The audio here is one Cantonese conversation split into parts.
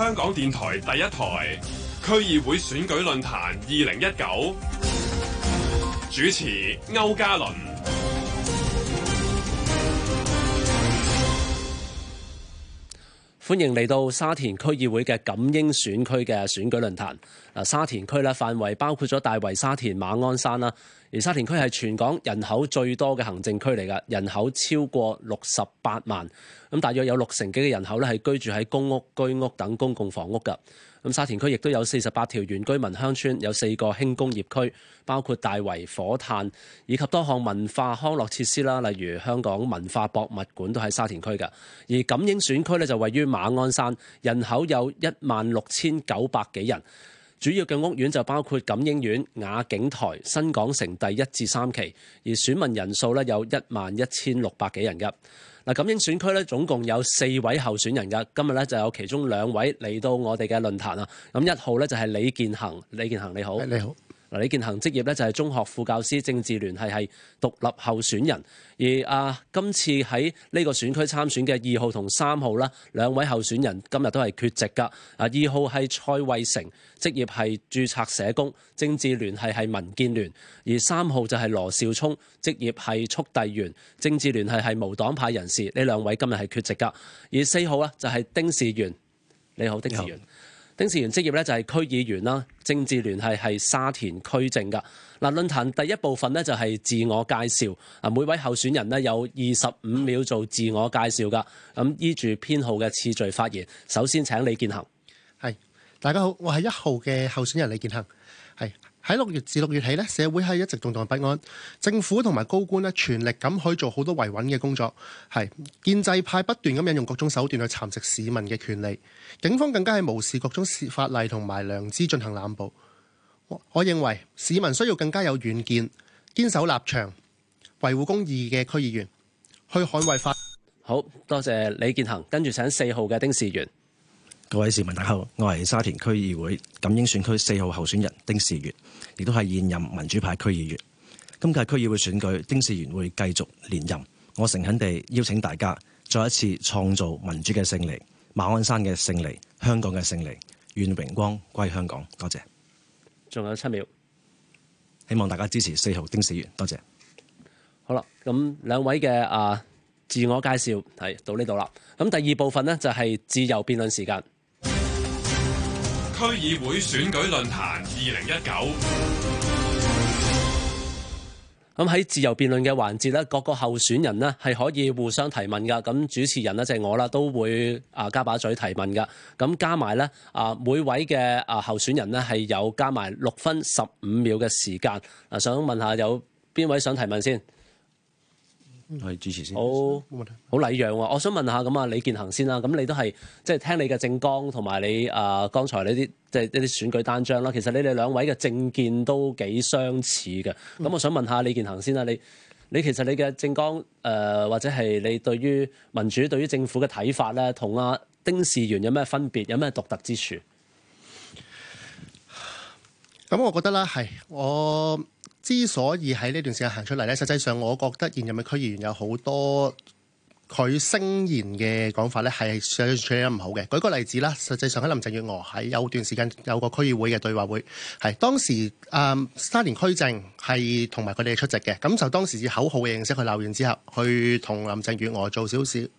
香港電台第一台區議會選舉論壇二零一九，主持歐嘉倫，歡迎嚟到沙田區議會嘅錦英選區嘅選舉論壇。嗱，沙田區咧範圍包括咗大圍、沙田、馬鞍山啦。而沙田區係全港人口最多嘅行政區嚟㗎，人口超過六十八萬，咁大約有六成幾嘅人口咧係居住喺公屋、居屋等公共房屋㗎。咁沙田區亦都有四十八條原居民鄉村，有四個輕工業區，包括大圍、火炭，以及多項文化康樂設施啦，例如香港文化博物館都喺沙田區㗎。而錦英選區咧就位於馬鞍山，人口有一萬六千九百幾人。主要嘅屋苑就包括錦英苑、雅景台、新港城第一至三期，而選民人數咧有一萬一千六百幾人噶。嗱，錦英選區咧總共有四位候選人噶，今日咧就有其中兩位嚟到我哋嘅論壇啊。咁一號咧就係李建恒，李建恒你好。你好。嗱，李建恒職業咧就係中學副教師，政治聯繫係獨立候選人。而啊，今次喺呢個選區參選嘅二號同三號啦，兩位候選人今日都係缺席㗎。啊，二號係蔡惠成，職業係註冊社工，政治聯繫係民建聯。而三號就係羅少聰，職業係速遞員，政治聯繫係無黨派人士。呢兩位今日係缺席㗎。而四號咧就係丁士元，你好，丁士元。政治員職業咧就係區議員啦，政治聯繫係沙田區政噶。嗱，論壇第一部分咧就係自我介紹，啊每位候選人咧有二十五秒做自我介紹噶。咁依住編號嘅次序發言，首先請李建恒。係，大家好，我係一號嘅候選人李建恒。係喺六月至六月起呢，社會係一直動盪不安，政府同埋高官呢，全力咁去做好多維穩嘅工作。係建制派不斷咁引用各種手段去蠶食市民嘅權利，警方更加係無視各種法例同埋良知進行濫捕。我認為市民需要更加有遠見，堅守立場，維護公義嘅區議員去捍衞法。好多謝李建恒，跟住請四號嘅丁士元。各位市民，大家好，我係沙田區議會錦英選區四號候選人丁士元，亦都係現任民主派區議員。今屆區議會選舉，丁士元會繼續連任。我誠懇地邀請大家再一次創造民主嘅勝利、馬鞍山嘅勝利、香港嘅勝利，願榮光歸香港。多謝。仲有七秒，希望大家支持四號丁士元。多謝。好啦，咁兩位嘅啊、uh, 自我介紹係到呢度啦。咁第二部分呢，就係、是、自由辯論時間。區議會選舉論壇二零一九，咁喺自由辯論嘅環節咧，各個候選人咧係可以互相提問噶咁主持人呢，就係我啦，都會啊加把嘴提問噶咁加埋咧啊，每位嘅啊候選人呢，係有加埋六分十五秒嘅時間。啊，想問下有邊位想提問先？係支持先，好、oh，冇好禮讓喎、啊。我想問下咁啊李健恒先啦、啊，咁你都係即係聽你嘅政綱同埋你啊、呃、剛才呢啲即係呢啲選舉單張啦。其實你哋兩位嘅政見都幾相似嘅。咁、嗯、我想問下李健恒先啦、啊，你你其實你嘅政綱誒、呃、或者係你對於民主對於政府嘅睇法咧，同阿、啊、丁士元有咩分別？有咩獨特之處？咁、嗯、我覺得啦，係我。之所以喺呢段時間行出嚟呢，實際上我覺得現任嘅區議員有多聲好多佢聲言嘅講法咧，係聲音唔好嘅。舉個例子啦，實際上喺林鄭月娥喺有段時間有個區議會嘅對話會係當時誒沙田區政係同埋佢哋出席嘅，咁就當時以口號嘅形式去鬧完之後，去同林鄭月娥做少少去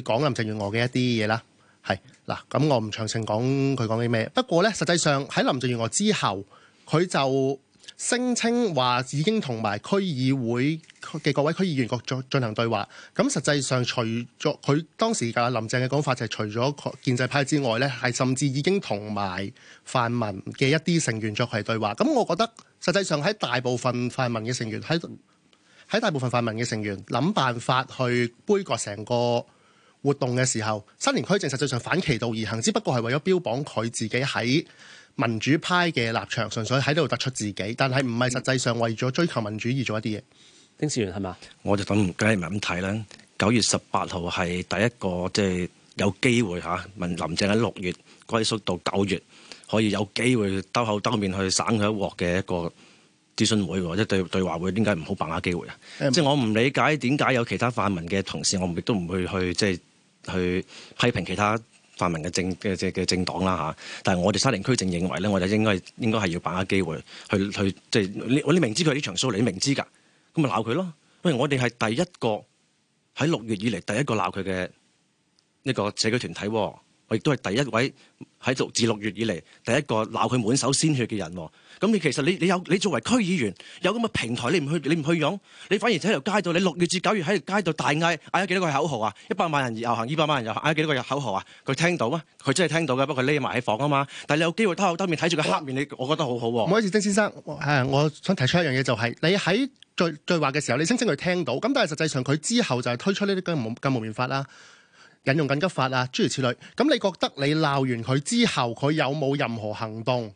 講林鄭月娥嘅一啲嘢啦。係嗱咁，我唔詳情講佢講啲咩，不過呢，實際上喺林鄭月娥之後佢就。聲稱話已經同埋區議會嘅各位區議員作進行對話，咁實際上除咗佢當時嘅林鄭嘅講法就係除咗建制派之外呢係甚至已經同埋泛民嘅一啲成員作係對話。咁我覺得實際上喺大部分泛民嘅成員喺喺大部分泛民嘅成員諗辦法去杯葛成個活動嘅時候，新年區政實際上反其道而行，只不過係為咗標榜佢自己喺。民主派嘅立場，純粹喺度突出自己，但係唔係實際上為咗追求民主而做一啲嘢。丁志源係嘛？我就等，梗係唔係咁睇啦。九月十八號係第一個即係、就是、有機會嚇問、啊、林鄭喺六月龜縮、那個、到九月，可以有機會兜口兜面去省佢一鑊嘅一個諮詢會或者對對話會，點解唔好把握機會啊？即係、嗯、我唔理解點解有其他泛民嘅同事，我亦都唔會去即係、就是、去批評其他。泛明嘅政嘅黨啦嚇，但係我哋沙田區政認為咧，我哋應該係應該要把握機會去去即係你你明知佢呢場 s 你明知㗎，咁咪鬧佢咯？喂，我哋係第一個喺六月以嚟第一個鬧佢嘅呢個社會團體。亦都係第一位喺度，自六月以嚟第一個鬧佢滿手鮮血嘅人。咁你其實你你有你作為區議員有咁嘅平台，你唔去你唔去用，你反而喺條街度，你六月至九月喺條街度大嗌嗌咗幾多個口號啊？一百萬人而遊行，二百萬人遊行，嗌幾多個口號啊？佢聽到啊？佢真係聽到嘅，不過佢匿埋喺房啊嘛。但你有機會偷偷他後當面睇住佢黑面，你我，我覺得好好。唔好意思，曾先生。係，我想提出一樣嘢就係、是、你喺最對話嘅時候，你聲稱佢聽到。咁但係實際上佢之後就係推出呢啲禁禁蒙面法啦。引用緊急法啊，諸如此類。咁你覺得你鬧完佢之後，佢有冇任何行動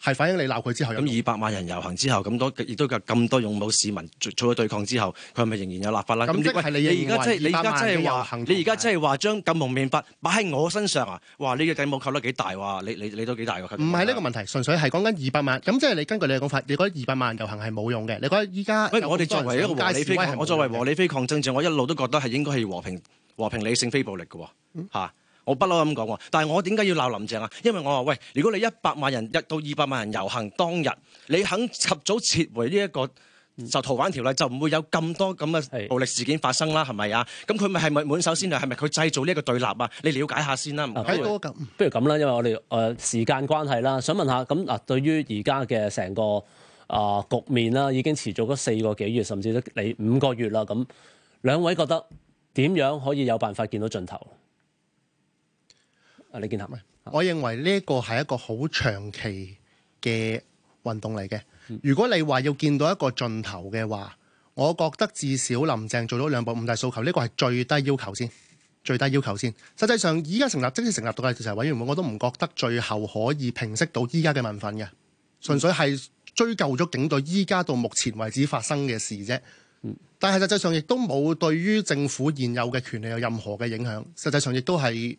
係反映你鬧佢之後有？咁二百萬人遊行之後，咁多亦都咁多勇武市民做咗對抗之後，佢係咪仍然有立法啦、啊？咁即係你而家即係你而家即係話，你而家即係話將禁蒙面法擺喺我身上啊？哇！你嘅底網扣得幾大哇、啊？你你你都幾大個。唔係呢個問題，純粹係講緊二百萬。咁即係你根據你嘅講法，你覺得二百萬人遊行係冇用嘅？你覺得依家？喂，我哋作為一個和理非抗，我作為和理非抗爭者，我一路都覺得係應該係和平。和平理性非暴力嘅，嚇、嗯！我不嬲咁講，但係我點解要鬧林鄭啊？因為我話喂，如果你一百萬人入到二百萬人遊行當日，你肯及早撤回呢、這、一個就逃犯條例，就唔會有咁多咁嘅暴力事件發生啦，係咪啊？咁佢咪係咪滿手鮮血？係咪佢製造呢個對立啊？你了解下先啦。睇咁、啊，不如咁啦，因為我哋誒、呃、時間關係啦，想問下咁嗱，對於而家嘅成個啊、呃、局面啦，已經持續咗四個幾月，甚至都嚟五個月啦，咁兩位覺得？點樣可以有辦法見到盡頭？阿李健合咧，我認為呢個係一個好長期嘅運動嚟嘅。如果你話要見到一個盡頭嘅話，我覺得至少林鄭做咗兩步五大訴求，呢、呢個係最低要求先。最低要求先。實際上，依家成立即使成立獨立調查委員會，我都唔覺得最後可以平息到依家嘅民憤嘅，純粹係追究咗警隊依家到目前為止發生嘅事啫。但係實際上亦都冇對於政府現有嘅權力有任何嘅影響，實際上亦都係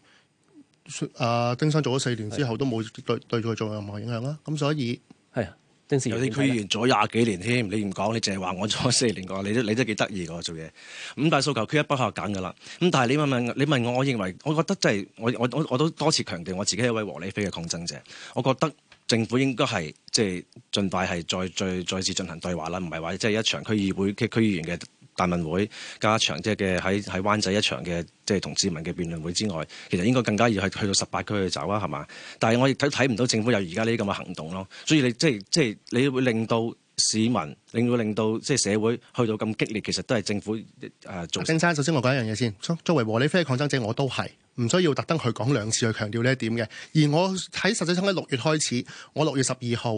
誒、呃、丁生做咗四年之後都冇對對佢做任何影響啦。咁的所以係啊，的丁氏有啲區議員做廿幾年添，你唔講你淨係話我做四年個，你都你都幾得意個做嘢。咁但係五大訴求缺一不可噶啦。咁但係你問問你問我，我認為我覺得即係我我我我都多次強調我自己係一位和理非嘅抗爭者，我覺得。政府應該係即係盡快係再再再次進行對話啦，唔係話即係一場區議會嘅區議員嘅大問會加一場即係嘅喺喺灣仔一場嘅即係同市民嘅辯論會之外，其實應該更加要係去到十八區去走啊，係嘛？但係我亦睇睇唔到政府有而家呢啲咁嘅行動咯，所以你即係即係你會令到市民，令到令到即係社會去到咁激烈，其實都係政府誒、呃、做。陳、啊、先生，首先我講一樣嘢先，作為和理非抗爭者，我都係。唔需要特登去講兩次去強調呢一點嘅。而我喺實際上喺六月開始，我六月十二號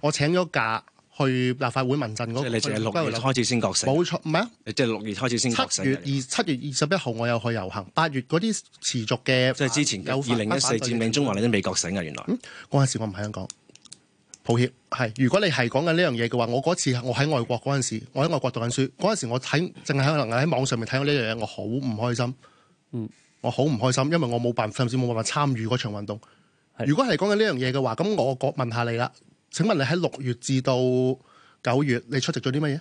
我請咗假去立法會問政嗰，即係你淨係六月開始先覺醒。冇錯，唔係即係六月開始先覺醒。七月七嗎月二十一號我有去遊行，八月嗰啲持續嘅，即係之前二零一四佔領中環你都未覺醒嘅原來。嗰、嗯、時我唔喺香港，抱歉。係，如果你係講緊呢樣嘢嘅話，我嗰次我喺外國嗰陣時，我喺外國讀緊書，嗰時我睇，淨係可能喺網上面睇到呢樣嘢，我好唔開心。嗯。我好唔開心，因為我冇辦法，甚至冇辦法參與嗰場運動。是的 如果係講緊呢樣嘢嘅話，咁我我問下你啦。請問你喺六月至到九月，你出席咗啲乜嘢？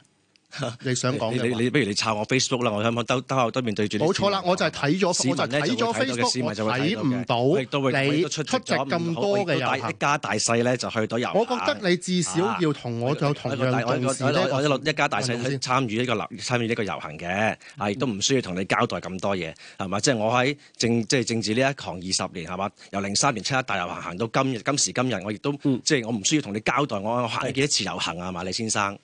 你想講你你不如你抄我 Facebook 啦，我想唔兜兜後兜面對住？冇錯啦，我就係睇咗，我就睇咗 Facebook，嘅市民我就 book，我睇唔到亦都，會都出你出席咁多嘅遊一家一大細咧就去到遊，我覺得你至少要我同我就同一嘅意思咧。我我我一一家大細去參與呢個流參與呢個遊行嘅，啊，亦都唔需要同你交代咁多嘢，係嘛？即係我喺政即係政治呢一行二十年，係嘛？由零三年七一大遊行行到今日今時今日，我亦都係即係我唔需要同你交代我行幾多次遊行啊，馬李先生。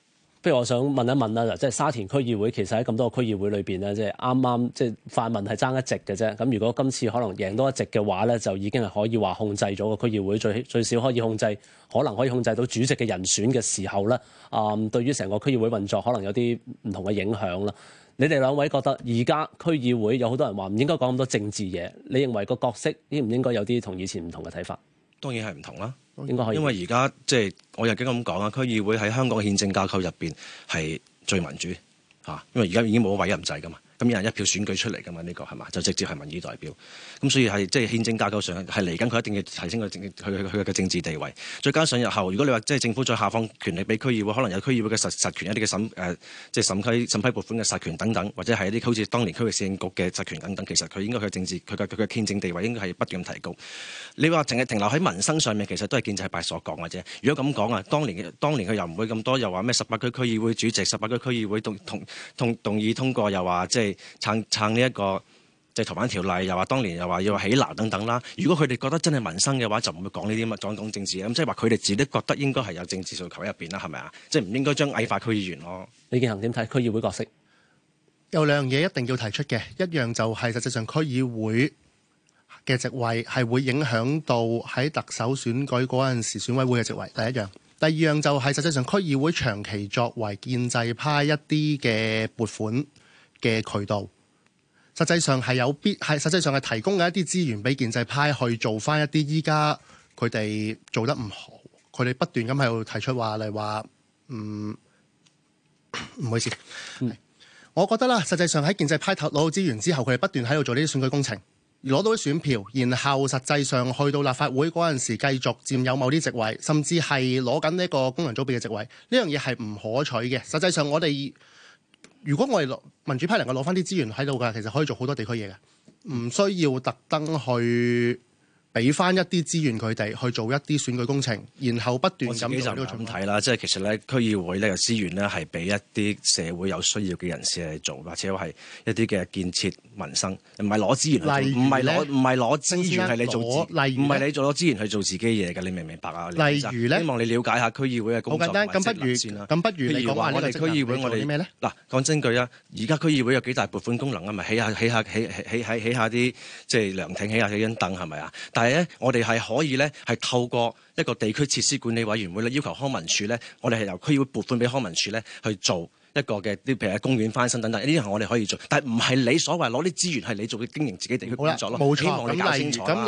所以我想問一問啦，嗱，即係沙田區議會其實喺咁多個區議會裏邊咧，即係啱啱即係泛民係爭一席嘅啫。咁如果今次可能贏多一席嘅話咧，就已經係可以話控制咗個區議會，最最少可以控制，可能可以控制到主席嘅人選嘅時候咧，啊、嗯，對於成個區議會運作可能有啲唔同嘅影響啦。你哋兩位覺得而家區議會有好多人話唔應該講咁多政治嘢，你認為個角色應唔應該有啲同以前唔同嘅睇法？當然係唔同啦。應該，因為而家即係我又幾咁講啊，區議會喺香港嘅憲政架構入邊係最民主嚇，因為而家已經冇委任制噶嘛。咁一人一票選舉出嚟噶嘛？呢個係嘛？就直接係民意代表。咁所以係即係憲政架構上係嚟緊，佢一定要提升佢政佢佢嘅政治地位。再加上日後，如果你話即係政府再下放權力俾區議會，可能有區議會嘅實實權一啲嘅審誒，即、呃、係、就是、審批審批撥款嘅實權等等，或者係一啲好似當年區域市政局嘅實權等等。其實佢應該佢嘅政治佢嘅佢嘅憲政地位應該係不斷提高。你話淨係停留喺民生上面，其實都係建制派所講或者如果咁講啊，當年當年佢又唔會咁多，又話咩十八區區議會主席、十八區區議會動同同動議通過，又話即係。撐撐呢一個制、就是、逃犯條例，又話當年又話要起樓等等啦。如果佢哋覺得真係民生嘅話，就唔會講呢啲咁嘅講講政治咁，即係話佢哋自己覺得應該係有政治訴求喺入邊啦，係咪啊？即係唔應該將矮化區議員咯。李建恒點睇區議會角色？有兩樣嘢一定要提出嘅，一樣就係、是、實際上區議會嘅席位係會影響到喺特首選舉嗰陣時選委會嘅席位，第一樣。第二樣就係、是、實際上區議會長期作為建制派一啲嘅撥款。嘅渠道，實際上係有必係實際上係提供嘅一啲資源俾建制派去做翻一啲依家，佢哋做得唔好，佢哋不斷咁喺度提出話嚟話唔唔好意思。嗯，我覺得啦，實際上喺建制派頭攞到資源之後，佢哋不斷喺度做呢啲選舉工程，攞到啲選票，然後實際上去到立法會嗰陣時，繼續佔有某啲席位，甚至係攞緊呢個功能組別嘅席位，呢樣嘢係唔可取嘅。實際上我哋。如果我哋攞民主派能夠攞翻啲資源喺度㗎，其實可以做好多地區嘢嘅，唔需要特登去。俾翻一啲資源佢哋去做一啲選舉工程，然後不斷咁。我本身就咁睇啦，即係其實咧，區議會咧資源咧係俾一啲社會有需要嘅人士去做，或者係一啲嘅建設民生，唔係攞資源，唔係攞唔係攞資源係你做，唔係你做攞資源去做自己嘢㗎，你明唔明白啊？例如咧，希望你了解下區議會嘅工作。好簡單，咁不如咁不如你講下你區議會我哋咩咧？嗱，講真句啊，而家區議會有幾大撥款功能啊？咪起下起下起起起下啲即係涼亭，起下起張凳係咪啊？但是我哋係可以咧，係透過一個地區設施管理委員會咧，要求康文署咧，我哋係由區議會撥款俾康文署咧去做。一個嘅譬如公園翻新等等，呢啲係我哋可以做，但係唔係你所謂攞啲資源係你做嘅經營自己地區工作咯。冇錯。咁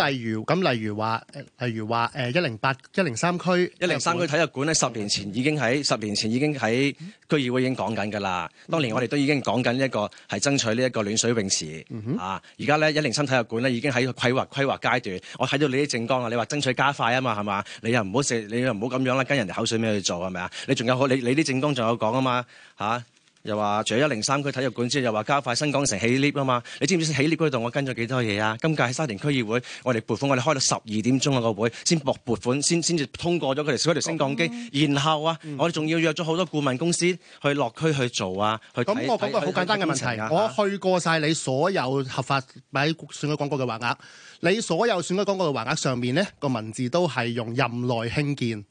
例如咁例如話，例如話誒一零八一零三區一零三區體育館咧，十年前已經喺十年前已經喺區議會已經講緊㗎啦。當年我哋都已經講緊一個係爭取呢一個暖水泳池啊！而家咧一零三體育館咧已經喺規劃規劃階段。我睇到你啲政綱啊，你話爭取加快啊嘛，係嘛？你又唔好你又唔好咁樣啦，跟人哋口水尾去做係咪啊？你仲有好，你你啲政綱仲有講啊嘛嚇？啊啊啊啊啊啊又話除咗一零三區體育館之外，又話加快新港城起 lift 啊嘛！你知唔知起 lift 度我跟咗幾多嘢啊？今屆喺沙田區議會，我哋撥款，我哋開到十二點鐘嗰個會，先撥撥款，先先至通過咗佢哋嗰條升降機。然後啊，嗯、我哋仲要約咗好多顧問公司去落區去做啊，去咁、嗯、看我講個好簡單嘅問題，去啊、我去過晒你所有合法擺選舉廣告嘅畫額，你所有選舉廣告嘅畫額上面咧、嗰個文字都係用任內興建。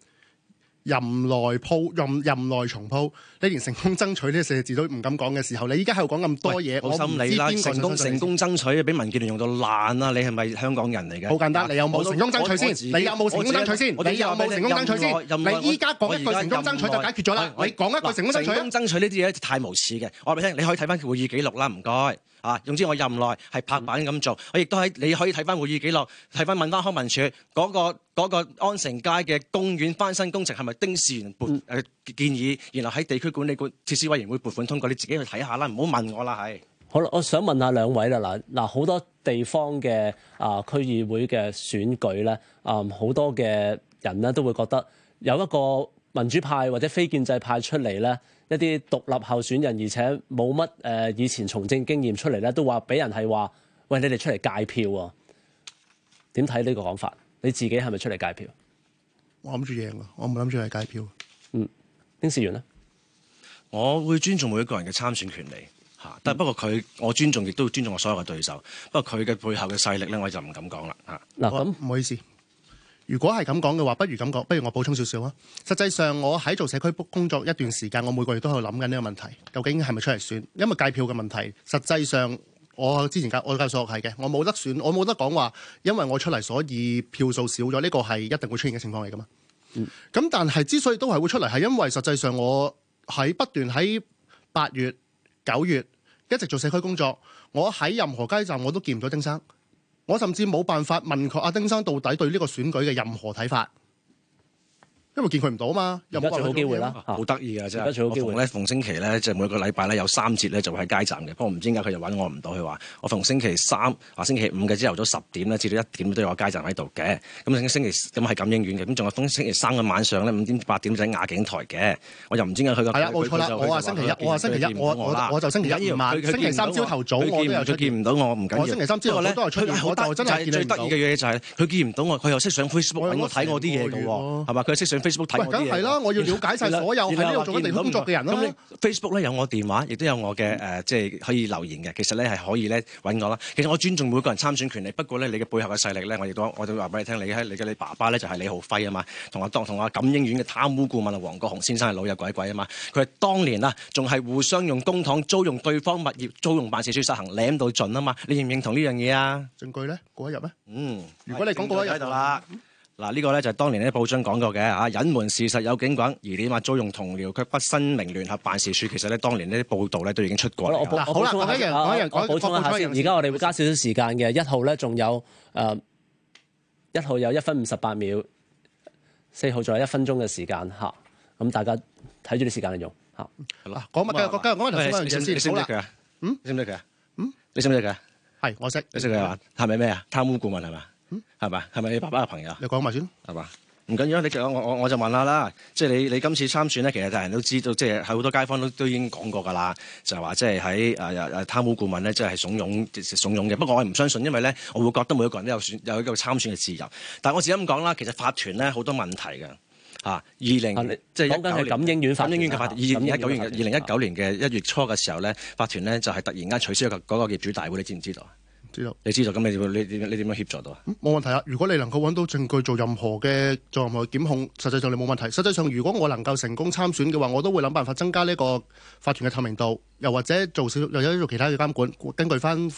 任內鋪任任內重鋪，你連成功爭取呢四個字都唔敢講嘅時候，你依家喺度講咁多嘢，我唔知邊個成功成功爭取啊？俾民建聯用到爛啊！你係咪香港人嚟嘅？好簡單，你有冇成功爭取先？你有冇成功爭取先？你有冇成功爭取先？你依家講一句成功爭取就解決咗啦！你講一句成功爭取啊！成功爭取呢啲嘢太無恥嘅，我話俾你聽，你可以睇翻佢會議記錄啦，唔該。啊，總之我任內係拍板咁做，我亦都喺你可以睇翻會議記錄，睇翻問翻康文署嗰、嗰個嗰個安城街嘅公園翻新工程係咪丁事源撥誒建議，然後喺地區管理管設施委員會撥款通過，你自己去睇下啦，唔好問我啦係。好啦，我想問下兩位啦，嗱嗱好多地方嘅啊、呃、區議會嘅選舉咧，啊、呃、好多嘅人咧都會覺得有一個民主派或者非建制派出嚟咧。一啲獨立候選人，而且冇乜誒以前從政經驗出嚟咧，都話俾人係話喂，你哋出嚟戒票喎，啊？點睇呢個講法？你自己係咪出嚟戒票？我諗住贏㗎，我唔諗住係戒票。嗯，丁事緣咧，我會尊重每一個人嘅參選權利嚇，嗯、但不過佢我尊重，亦都會尊重我所有嘅對手。不過佢嘅背後嘅勢力咧，我就唔敢講啦嚇。嗱，咁唔好意思。如果係咁講嘅話，不如咁講，不如我補充少少啊。實際上，我喺做社區工作一段時間，我每個月都喺度諗緊呢個問題，究竟係咪出嚟選？因為計票嘅問題，實際上我之前教我計數係嘅，我冇得選，我冇得講話，因為我出嚟，所以票數少咗。呢個係一定會出現嘅情況嚟噶嘛。咁、嗯、但係之所以都係會出嚟，係因為實際上我喺不斷喺八月、九月一直做社區工作，我喺任何街站我都見唔到丁生。我甚至冇辦法問確阿丁生到底對呢個選舉嘅任何睇法。因為見佢唔到嘛，又冇話最好機會啦，好得意啊，嘅一最好機會咧，逢星期咧就每個禮拜咧有三節咧就喺街站嘅。不過唔知點解佢又揾我唔到。佢話我逢星期三、話星期五嘅朝頭早十點咧至到一點都有個街站喺度嘅。咁星期咁係電影院嘅。咁仲有星期三嘅晚上咧五點八點就喺雅景台嘅。我又唔知點解佢個係啦，我啊星期一，我啊星期一，我我就星期一星期三朝頭早我佢見唔到我唔緊要。我星期三朝頭咧，我就真係見唔到。最得意嘅嘢就係佢見唔到我，佢又識上 Facebook 我睇我啲嘢嘅嘛？佢又識上。喂，梗係啦，啊、我要了解晒所有喺呢度做緊地區工作嘅人啦、啊。Facebook 咧有我電話，亦都有我嘅誒，即、呃、係可以留言嘅。其實咧係可以咧揾我啦。其實我尊重每個人參選權利，不過咧你嘅背後嘅勢力咧，我亦都我都要話俾你聽。你喺你嘅你爸爸咧就係李浩輝啊嘛，同阿當同阿錦英苑嘅貪污顧問黃國雄先生係老友鬼鬼啊嘛。佢係當年啊仲係互相用公帑租用對方物業、租用辦事處、實行舐到盡啊嘛。你認唔認同呢樣嘢啊？證據咧過一日咩？嗯，如果你講過一日喺度啦。話嗱，呢個咧就係當年呢報章講過嘅嚇，隱瞞事實有警棍，而你話租用同僚，卻不申明聯合辦事處。其實咧，當年呢啲報道咧都已經出過。好啦，我補充下先。而家我哋會加少少時間嘅，一號咧仲有誒，一號有一分五十八秒，四號仲有一分鐘嘅時間嚇。咁大家睇住啲時間嚟用嚇。係啦，講乜嘅？今日你講嘢先。你識唔識佢啊？嗯？識唔識佢啊？嗯？你識唔識佢啊？係，我識。你識佢係嘛？係咪咩啊？貪污顧問係嘛？嗯，係咪？係咪你爸爸嘅朋友？你講埋先，係嘛？唔緊要，你我我我就問下啦。即係你你今次參選咧，其實大家都知道，即係喺好多街坊都都已經講過噶啦。就係話，啊，即係喺誒誒貪污顧問咧，即係慫恿，即慫恿嘅。不過我唔相信，因為咧，我會覺得每一個人都有選，有一個參選嘅自由。但係我自己咁講啦，其實法團咧好多問題嘅吓。二零即係係錦英苑法錦嘅法。二零一九年嘅二零一九年嘅一月初嘅時候咧，法團咧就係突然間取消咗嗰個業主大會，你知唔知道？你知道咁你你你點樣協助到啊？冇、嗯、問題啊！如果你能夠揾到證據做任何嘅做任何檢控，實際上你冇問題。實際上，如果我能夠成功參選嘅話，我都會諗辦法增加呢個法團嘅透明度，又或者做少，又或者做其他嘅監管，根據翻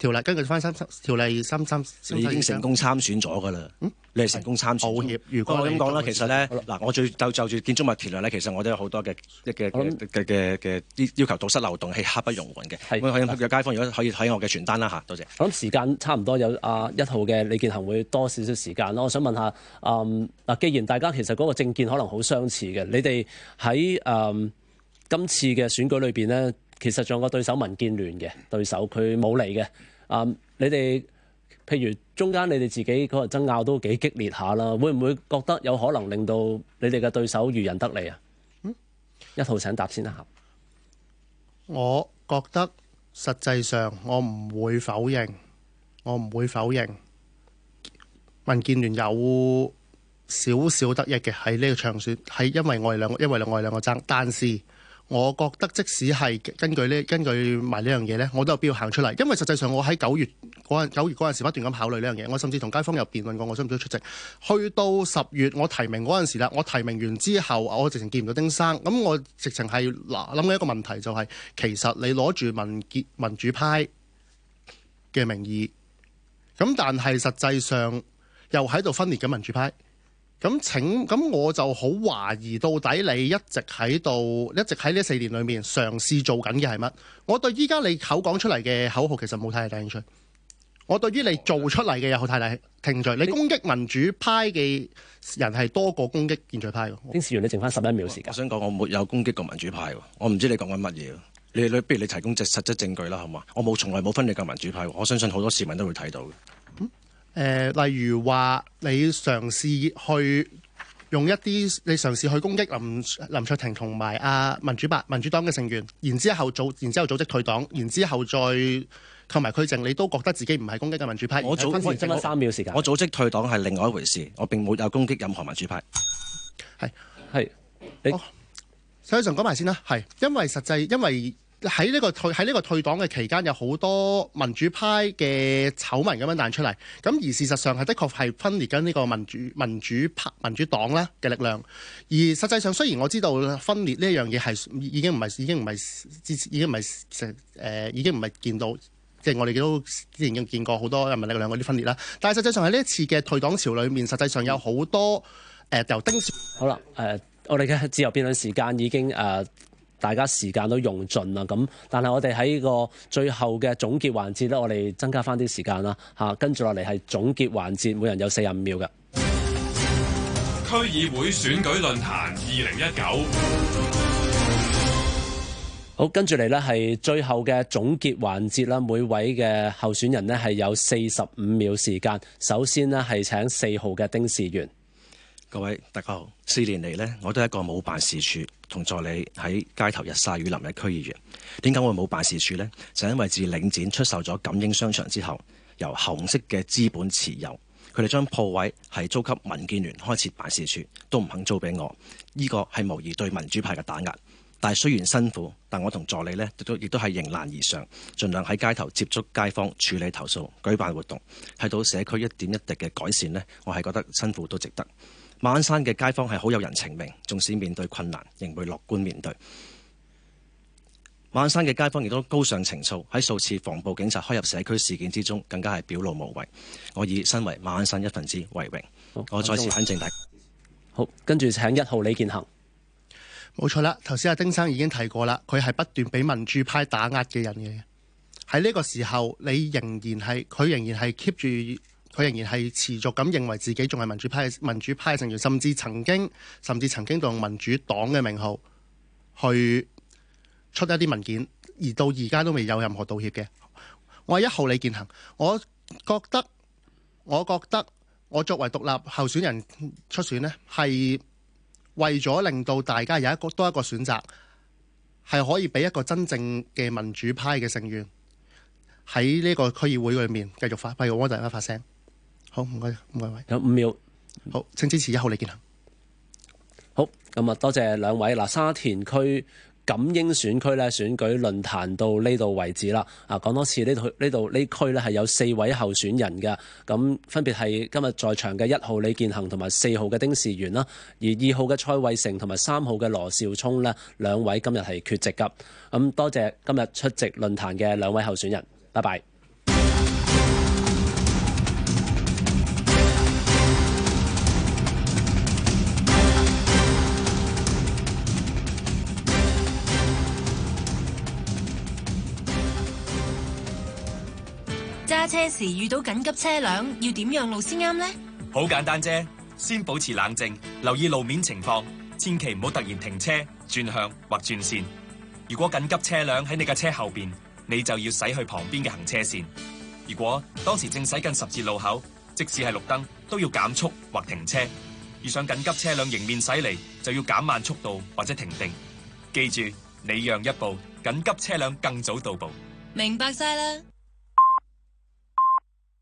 條例根據翻三新條例三三參，已經成功參選咗噶啦。嗯，你係成功參選。抱歉。如果我咁講啦，其實咧嗱，我最就就住建築物條例咧，其實我都有好多嘅一嘅嘅嘅嘅要求堵塞流動，係刻不容緩嘅。係。咁有街坊，如果可以睇我嘅傳單啦嚇，多謝。咁的時間差唔多有，有阿一號嘅李建恒會多少少時間咯。我想問，問下，嗯嗱，既然大家其實嗰個政見可能好相似嘅，你哋喺嗯今次嘅選舉裏邊咧？其實仲有個對手民建聯嘅對手，佢冇嚟嘅。啊，你哋譬如中間你哋自己嗰個爭拗都幾激烈下啦，會唔會覺得有可能令到你哋嘅對手漁人得利啊？嗯，一號請答先啦。我覺得實際上我唔會否認，我唔會否認民建聯有少少得益嘅喺呢個場選，係因為我哋兩個，因為我哋兩個爭，但是。我覺得即使係根據呢根據埋呢樣嘢呢，我都有必要行出嚟，因為實際上我喺九月嗰陣九月嗰陣時不斷咁考慮呢樣嘢，我甚至同街坊有辯論過我想唔想出席。去到十月我提名嗰陣時啦，我提名完之後我直情見唔到丁生，咁我直情係嗱諗緊一個問題就係、是，其實你攞住民建民主派嘅名義，咁但係實際上又喺度分裂緊民主派。咁請，咁我就好懷疑到底你一直喺度，一直喺呢四年裏面嘗試做緊嘅係乜？我對依家你口講出嚟嘅口號其實冇太大興趣。我對於你做出嚟嘅有好大嘅興趣。你攻擊民主派嘅人係多過攻擊建制派。經視員，你剩翻十一秒時間。我，我想講，我冇有攻擊過民主派。我唔知你講緊乜嘢。你不如你提供隻實質證據啦，好嘛？我冇從來冇分裂過民主派。我相信好多市民都會睇到嘅。誒、呃，例如話你嘗試去用一啲你嘗試去攻擊林林卓廷同埋啊民主派民主黨嘅成員，然之後組，然之後組織退黨，然之後再扣埋佢證，你都覺得自己唔係攻擊嘅民主派。我組我，我爭翻三秒時間，我組織退黨係另外一回事，我並冇有攻擊任何民主派。係係是，你實際、哦、上講埋先啦。係因為實際因為。喺呢個退喺呢個退黨嘅期間，有好多民主派嘅醜聞咁樣彈出嚟。咁而事實上係的確係分裂緊呢個民主民主派民主黨啦嘅力量。而實際上雖然我知道分裂呢一樣嘢係已經唔係已經唔係已經唔係成誒已經唔係見到，即係我哋都之前見過好多人民力量嗰啲分裂啦。但係實際上喺呢一次嘅退黨潮裏面，實際上有好多誒、呃、由丁好啦誒、呃，我哋嘅自由辯論時間已經誒。呃大家時間都用盡啦，咁但係我哋喺呢個最後嘅總結環節咧，我哋增加翻啲時間啦，嚇跟住落嚟係總結環節，每人有四十五秒嘅區議會選舉論壇二零一九。好，跟住嚟呢係最後嘅總結環節啦，每位嘅候選人呢係有四十五秒時間。首先呢係請四號嘅丁事員。各位大家好，四年嚟呢，我都係一個冇辦事處同助理喺街頭日曬雨淋嘅區議員。點解會冇辦事處呢？就因為自領展出售咗感英商場之後，由紅色嘅資本持有，佢哋將鋪位係租給民建聯開設辦事處，都唔肯租俾我。呢個係無疑對民主派嘅打壓，但係雖然辛苦，但我同助理呢亦都亦都係迎難而上，盡量喺街頭接觸街坊，處理投訴，舉辦活動，睇到社區一點一滴嘅改善呢，我係覺得辛苦都值得。馬鞍山嘅街坊係好有人情味，縱使面對困難，仍會樂觀面對。馬鞍山嘅街坊亦都高尚情操，喺數次防暴警察開入社區事件之中，更加係表露無遺。我以身為馬鞍山一份子為榮，好我再次肯定大。好，跟住請一號李建恒。冇錯啦，頭先阿丁生已經提過啦，佢係不斷俾民主派打壓嘅人嘅。喺呢個時候，你仍然係佢，仍然係 keep 住。佢仍然係持續咁認為自己仲係民主派嘅民主派嘅成員，甚至曾經甚至曾經用民主黨嘅名號去出一啲文件，而到而家都未有任何道歉嘅。我係一號李健行，我覺得我覺得我作為獨立候選人出選呢，係為咗令到大家有一個多一個選擇，係可以俾一個真正嘅民主派嘅成員喺呢個區議會裏面繼續發譬如我大家發聲。好，唔該唔該有五秒，好，請支持一號李健行。好，咁啊，多謝兩位。嗱，沙田區錦英選區咧選舉論壇到呢度為止啦。啊，講多次呢度呢度呢區咧係有四位候選人嘅，咁分別係今日在場嘅一號李健行同埋四號嘅丁仕源啦，而二號嘅蔡惠成同埋三號嘅羅少聰呢，兩位今日係缺席噶。咁多謝今日出席論壇嘅兩位候選人，拜拜。揸車時遇到緊急車輛，要點讓路先啱呢？好簡單啫，先保持冷靜，留意路面情況，千祈唔好突然停車、轉向或轉線。如果緊急車輛喺你嘅車後邊，你就要駛去旁邊嘅行車線。如果當時正駛近十字路口，即使係綠燈，都要減速或停車。遇上緊急車輛迎面駛嚟，就要減慢速度或者停定。記住，你讓一步，緊急車輛更早到步。明白晒啦。